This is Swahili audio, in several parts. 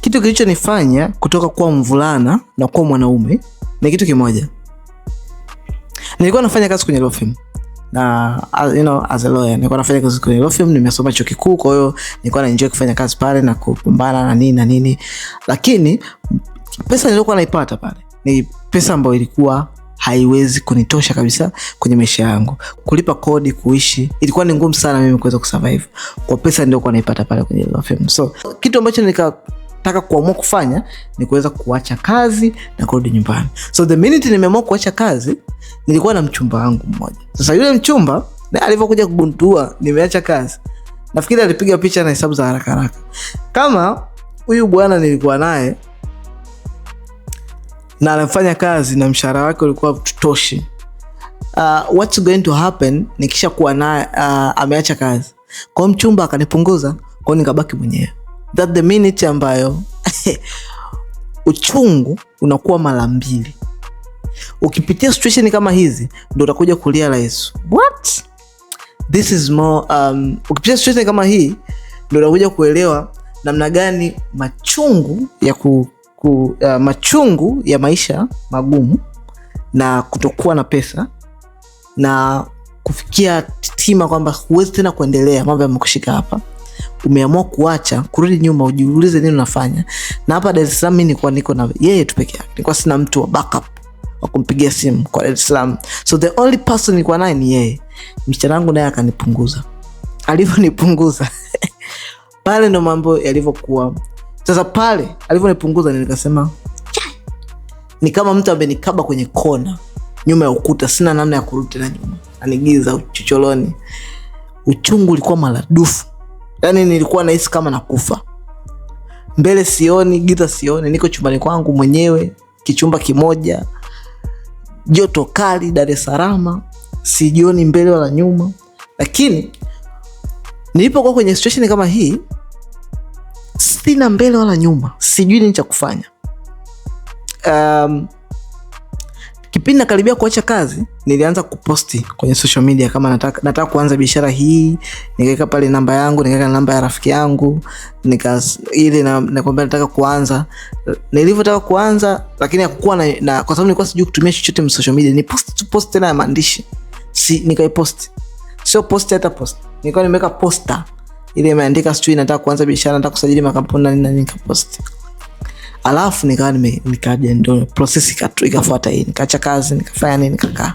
Kitu kilichonifanya kutoka kuwa mvulana na kuwa mwanaume ni kitu kimoja. Nilikuwa nafanya kazi kwenye law firm na uh, you know, as a lawyer nilikuwa nafanya kazi kwenye law firm, nimesoma chuo kikuu, kwa hiyo nilikuwa naenjoy kufanya kazi pale na kupambana na nini na nini, lakini pesa nilikuwa naipata pale ni pesa ambayo ilikuwa haiwezi kunitosha kabisa kwenye maisha yangu. Kulipa kodi, kuishi, ilikuwa ni ngumu sana mimi kuweza kusurvive kwa pesa niliyokuwa naipata pale kwenye law firm. So kitu ambacho nika taka kuamua kufanya ni kuweza kuacha kazi na kurudi nyumbani. So the minute nimeamua kuacha kazi, nilikuwa na mchumba wangu mmoja. Sasa yule mchumba naye alivyokuja kugundua nimeacha kazi, nafikiri alipiga picha na hesabu za haraka haraka. Kama huyu bwana nilikuwa naye na anafanya kazi na mshahara wake ulikuwa tutoshi, uh, what's going to happen nikisha kuwa naye uh, ameacha kazi kwao, mchumba akanipunguza kwao, nikabaki mwenyewe that the minute ambayo uchungu unakuwa mara mbili, ukipitia situation kama hizi ndo utakuja kurealize what this is more. Um, ukipitia situation kama hii ndo utakuja kuelewa namna gani machungu ya ku, ku, uh, machungu ya maisha magumu na kutokuwa na pesa na kufikia tima kwamba huwezi tena kuendelea, mambo yamekushika hapa umeamua kuacha kurudi nyuma, ujiulize nini unafanya. Na hapa Dar es Salaam mimi nilikuwa niko na yeye tu peke yake, nilikuwa sina mtu wa backup wa kumpigia simu kwa Dar es Salaam, so the only person nilikuwa naye ni yeye. Msichana wangu naye akanipunguza, alivyonipunguza pale ndo mambo yalivyokuwa. Sasa pale alivyonipunguza, nikasema ni kama mtu amenikaba kwenye kona nyuma ya ukuta, sina namna ya kurudi tena nyuma, anigiza uchochoroni. Uchungu ulikuwa maradufu yani nilikuwa nahisi kama nakufa. Mbele sioni, giza sioni, niko chumbani kwangu mwenyewe, kichumba kimoja, joto kali Dar es Salaam, sijioni mbele wala nyuma. Lakini nilipokuwa kwenye situation kama hii, sina mbele wala nyuma, sijui nini cha kufanya um, Kipindi nakaribia kuacha kazi, nilianza kuposti kwenye social media kama nataka, nataka kuanza biashara hii. Nikaweka pale namba yangu, nikaweka namba ya rafiki yangu, nika ile na nakwambia nataka kuanza. Nilivyotaka kuanza, lakini akukuwa na, na kwa sababu nilikuwa sijui kutumia chochote mwa social media, ni post tu post tena ya maandishi. Si nikaiposti Sio post hata post. Nilikuwa nimeweka posta ili imeandika sijui nataka kuanza biashara, nataka kusajili makampuni na nini, nikaposti alafu nikawa nikaja ndo process ikafuata hii, nikaacha kazi nikafanya nini, nikakaa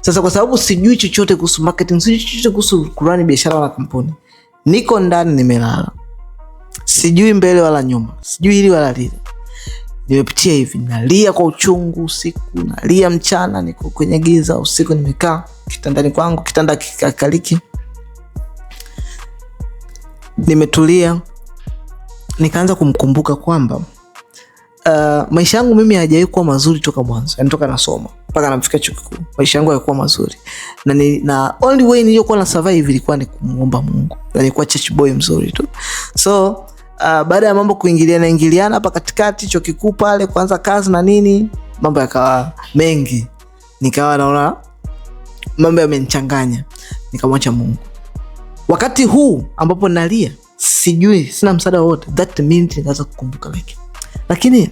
sasa. Kwa sababu sijui chochote kuhusu marketing, sijui chochote kuhusu kurani biashara wala kampuni, niko ndani nimelala, sijui mbele wala nyuma, sijui hili wala lile. Nimepitia hivi, nalia kwa uchungu usiku, nalia mchana, niko kwenye giza usiku, nimekaa kitandani kwangu, kitanda kikakaliki, nimetulia, nikaanza kumkumbuka kwamba uh, maisha yangu mimi hajawai kuwa mazuri toka mwanzo, yani toka nasoma mpaka namfika chuo kikuu, maisha yangu hayakuwa mazuri na, ni, na only way niliyokuwa na survive ilikuwa ni kumuomba Mungu, na nilikuwa church boy mzuri tu so Uh, baada ya mambo kuingiliana ingiliana hapa katikati chuo kikuu pale kuanza kazi na nini, mambo yakawa mengi, nikawa naona mambo yamenichanganya, nikamwacha Mungu. Wakati huu ambapo nalia, sijui, sina msaada wowote, that means nikaanza kukumbuka like lakini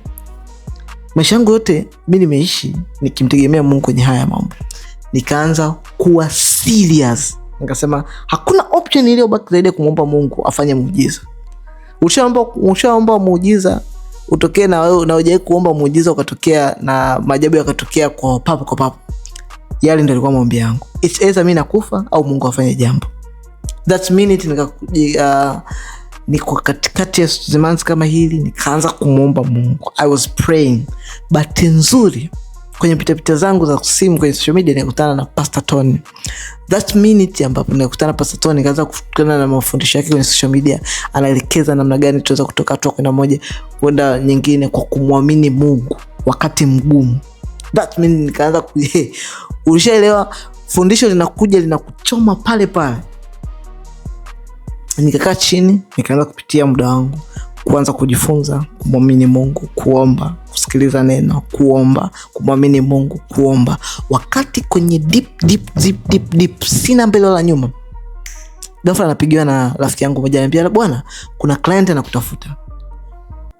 maisha yangu yote mi nimeishi nikimtegemea Mungu kwenye haya mambo, nikaanza kuwa serious, nikasema hakuna option iliyobaki zaidi ya kumwomba Mungu afanye muujiza. Ushaomba muujiza utokee na wewe, na kuomba muujiza ukatokea na maajabu yakatokea kwa papo kwa papo. Yale ndo alikuwa maombi yangu, it's either mi nakufa au Mungu afanye jambo. That minute nika uh, niko katikati ya zimanzi kama hili, nikaanza kumwomba Mungu. I was praying. Bahati nzuri kwenye pitapita zangu za simu kwenye social media nikutana na Pastor Tony. That minute ambapo nikutana na Pastor Tony, nikaanza kukutana na mafundisho yake kwenye social media, anaelekeza namna gani tunaweza kutoka hatua kwenda moja kwenda nyingine kwa kumwamini Mungu wakati mgumu. That minute nikaanza ku, ulishaelewa, fundisho linakuja linakuchoma pale pale Nikakaa chini nikaanza kupitia muda wangu, kuanza kujifunza kumwamini Mungu, kuomba, kusikiliza neno, kuomba, kumwamini Mungu, kuomba. Wakati kwenye deep, deep, deep, deep, deep, sina mbele wala nyuma, gafla anapigiwa na rafiki yangu moja, ambia bwana, kuna client anakutafuta,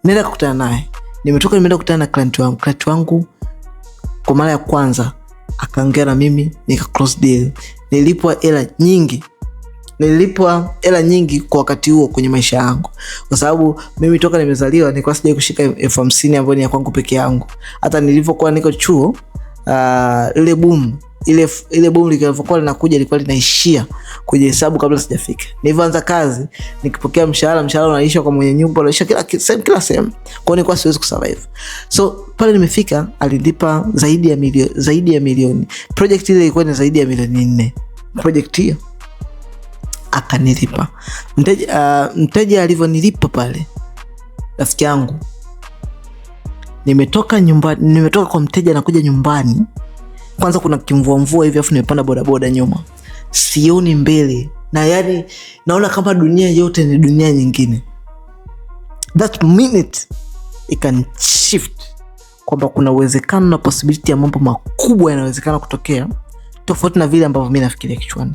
nenda kakutana naye. Nimetoka nimeenda kukutana na client wangu. Client wangu kwa mara ya kwanza akaongea na mimi, nika deal, nilipwa hela nyingi nililipwa hela nyingi kwa wakati huo kwenye maisha yangu, kwa sababu mimi toka nimezaliwa nilikuwa sijai kushika elfu hamsini ambayo ni ya kwangu peke yangu. Hata nilivyokuwa niko chuo ah, ile boom ile ile boom likavyokuwa linakuja ilikuwa linaishia kwenye hesabu kabla sijafika. Nilivyoanza kazi nikipokea mshahara, mshahara unaisha kwa mwenye nyumba, unaisha kila sehemu, kila sehemu, kwao nilikuwa siwezi kusurvive. So pale nimefika, alilipa zaidi ya milioni, zaidi ya milioni. Project ile ilikuwa ni zaidi ya milioni nne, project hiyo akanilipa. Mteja uh, mteja alivyonilipa pale, rafiki yangu, nimetoka nyumbani, nimetoka kwa mteja nakuja nyumbani, kwanza kuna kimvua mvua hivi, afu nimepanda bodaboda nyuma, sioni mbele na yani naona kama dunia yote ni dunia nyingine. That minute can shift kwamba kuna uwezekano na possibility ya mambo makubwa yanawezekana kutokea tofauti na vile ambavyo mi nafikiria kichwani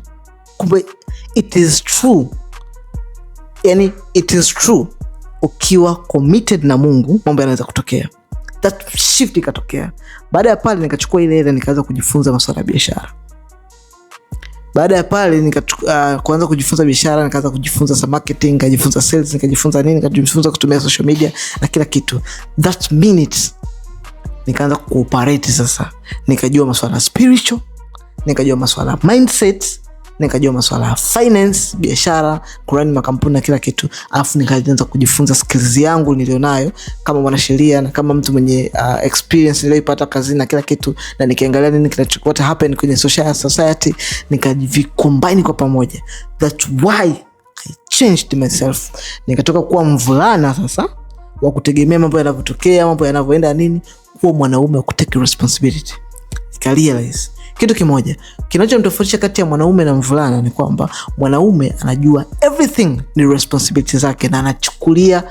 kumbe it is true, yani it is true. Ukiwa committed na Mungu mambo yanaweza kutokea. That shift ikatokea. Baada ya pale nikachukua ile ile nikaanza kujifunza masuala ya biashara. Baada ya pale nikaanza ah, uh, kujifunza biashara, nikaanza kujifunza sa marketing, nikajifunza sales, nikajifunza nini, nikajifunza kutumia social media na kila kitu. That minute nikaanza kuoperate sasa, nikajua masuala spiritual, nikajua masuala mindset nikajua masuala ya finance, biashara, kurani makampuni na kila kitu, alafu nikaanza kujifunza skills yangu nilionayo kama mwanasheria na kama mtu mwenye uh, experience niliyoipata kazini na kila kitu, na nikiangalia nini kinachokuwa happen kwenye social society, nikajivikombine kwa pamoja. That's why I changed myself, nikatoka kuwa mvulana sasa wa kutegemea mambo yanavyotokea, mambo yanavyoenda nini, kuwa mwanaume wa kutake responsibility. Nikarealize kitu kimoja kinachomtofautisha kati ya mwanaume na mvulana ni kwamba mwanaume anajua everything ni responsibility zake na anachukulia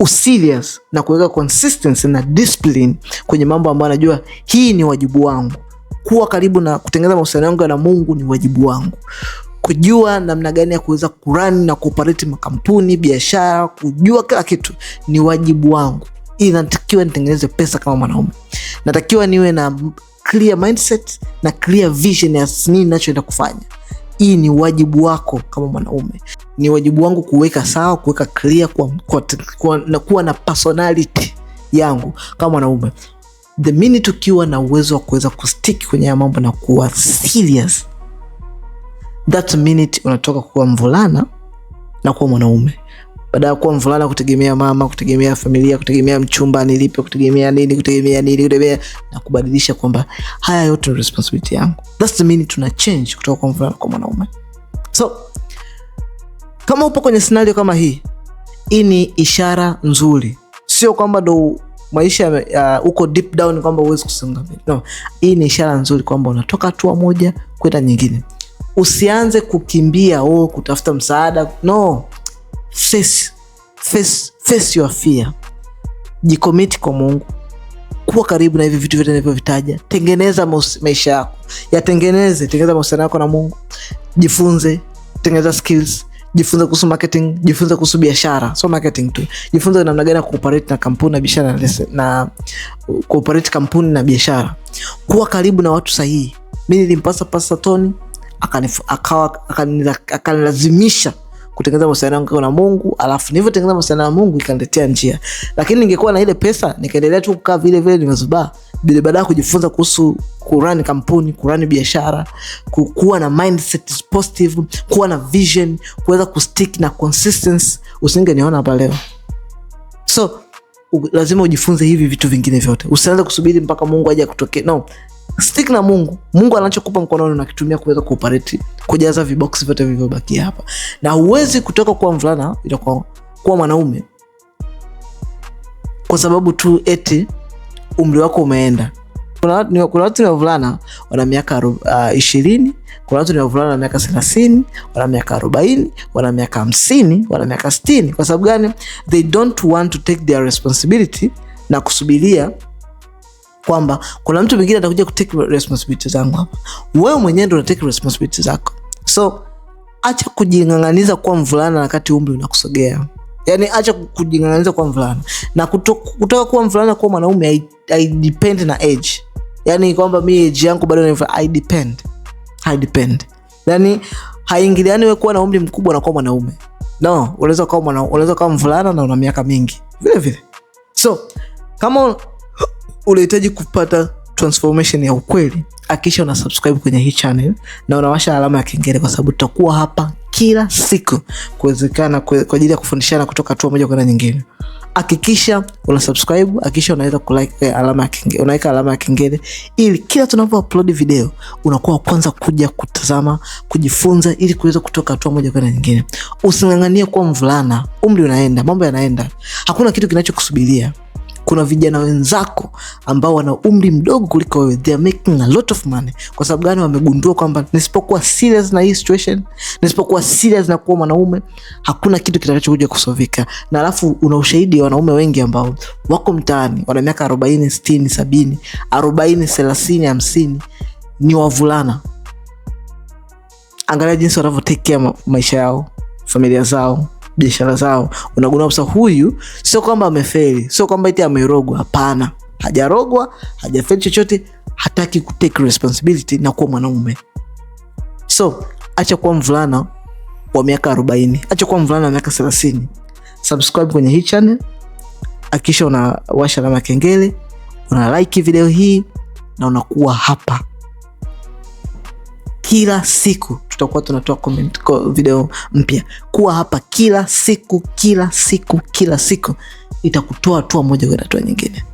userious na kuweka consistency na discipline kwenye mambo ambayo anajua hii ni wajibu wangu. Kuwa karibu na kutengeneza mahusiano yangu na Mungu ni wajibu wangu. Kujua namna gani ya kuweza kurani na kuoperate makampuni, biashara, kujua kila kitu ni wajibu wangu. Ili natakiwa nitengeneze pesa kama mwanaume, natakiwa niwe na clear mindset na clear vision ya nini nachoenda kufanya. Hii ni wajibu wako kama mwanaume, ni wajibu wangu kuweka sawa, kuweka clear kwa, kwa, kwa, na kuwa na personality yangu kama mwanaume. The minute ukiwa na uwezo wa kuweza kustik kwenye haya mambo na kuwa serious, that minute unatoka kuwa mvulana na kuwa mwanaume baada ya kuwa mvulana kutegemea mama, kutegemea familia, kutegemea mchumba nilipe, kutegemea nini, kutegemea nini, kutegemea na kubadilisha kwamba haya yote ni responsibility yangu. That's the meaning, tuna change kutoka kwa mvulana kwa mwanaume. So kama upo kwenye scenario kama hii, hii ni ishara nzuri, sio kwamba ndo maisha huko uh, deep down kwamba uwezi kusonga mbele. No, hii ni ishara nzuri kwamba unatoka hatua moja kwenda nyingine. Usianze kukimbia oh, kutafuta msaada no face, face, face your fear. Jikomiti kwa Mungu, kuwa karibu na hivi vitu vyote nilivyovitaja. Tengeneza maisha yako, yatengeneze. Tengeneza mahusiano yako na Mungu, jifunze, tengeneza skills Jifunze kuhusu marketing, jifunze kuhusu biashara, so marketing tu. Jifunze namna gani ya kuoperate na kampuni na biashara na na kuoperate kampuni na biashara. Kuwa karibu na watu sahihi. Mimi nilimpasa Pastor Tony akanilazimisha kutengeneza mahusiano yangu na Mungu, alafu nilivyotengeneza mahusiano na Mungu ikaniletea njia. Lakini ningekuwa na ile pesa nikaendelea tu kukaa vile vile nimezubaa bila baadaye kujifunza kuhusu kurani kampuni, kurani biashara, kukuwa na mindset positive, kuwa na vision, kuweza kustick na consistency, usingeniona hapa leo. So lazima ujifunze hivi vitu vingine vyote, usianze kusubiri mpaka Mungu aje akutokee. No, Stick na Mungu. Mungu anachokupa mkononi unakitumia kuweza kuoperate, kujaza vibox vyote vilivyobakia hapa. Na huwezi kutoka kuwa mvulana ila kwa kuwa mwanaume. Kwa sababu tu eti umri wako umeenda. Kuna watu ni wavulana wana miaka 20, ah, kuna watu ni wavulana wana miaka thelathini, wana miaka arobaini wana miaka hamsini wana miaka stini Kwa sababu gani? They don't want to take their responsibility na kusubiria kwamba kuna mtu mwingine atakuja kutake responsibility zangu hapa. Wewe mwenyewe ndo unatake responsibility zako, so acha kujing'ang'aniza kuwa mvulana wakati umri unakusogea. Yani acha kujing'ang'aniza kuwa mvulana na kuto, kutoka kuwa mvulana kuwa mwanaume haidepend na age, yani kwamba mi age yangu bado ni haidepend, haidepend yani haingiliani wewe kuwa na umri mkubwa na kuwa mwanaume no. Unaweza kuwa mvulana na una miaka mingi vilevile, so kama unahitaji kupata transformation ya ukweli, akisha una subscribe kwenye hii channel na unawasha alama ya kengele, kwa sababu tutakuwa hapa kila siku kuwezekana kwa ajili ya kufundishana kutoka hatua moja kwenda nyingine. Hakikisha una subscribe, hakikisha unaweza kulike eh, alama ya kengele, unaweka alama ya kengele ili kila tunapo upload video unakuwa kwanza kuja kutazama, kujifunza ili kuweza kutoka hatua moja kwenda nyingine. Using'ang'anie kuwa mvulana, umri unaenda, mambo yanaenda, hakuna kitu kinachokusubiria kuna vijana wenzako ambao wana umri mdogo kuliko wewe, they are making a lot of money. Kwa sababu gani? Wamegundua kwamba nisipokuwa serious na hii situation, nisipokuwa serious na kuwa mwanaume, hakuna kitu kitakachokuja kusovika. Na alafu una ushahidi wa wanaume wengi ambao wako mtaani, wana miaka arobaini, sitini, sabini, arobaini, thelathini, hamsini, ni wavulana. Angalia jinsi wanavyo take care maisha yao, familia zao biashara zao, unagundua kabisa huyu sio kwamba amefeli, sio kwamba eti amerogwa. Hapana, hajarogwa, hajafeli chochote, hataki take responsibility na kuwa mwanaume. So acha kuwa mvulana wa miaka 40, acha kuwa mvulana wa miaka 30. Subscribe kwenye hii channel, akisha unawasha alama kengele, una like video hii na unakuwa hapa kila siku tutakuwa tunatoa comment video mpya. Kuwa hapa kila siku, kila siku, kila siku itakutoa hatua moja kwenda hatua nyingine.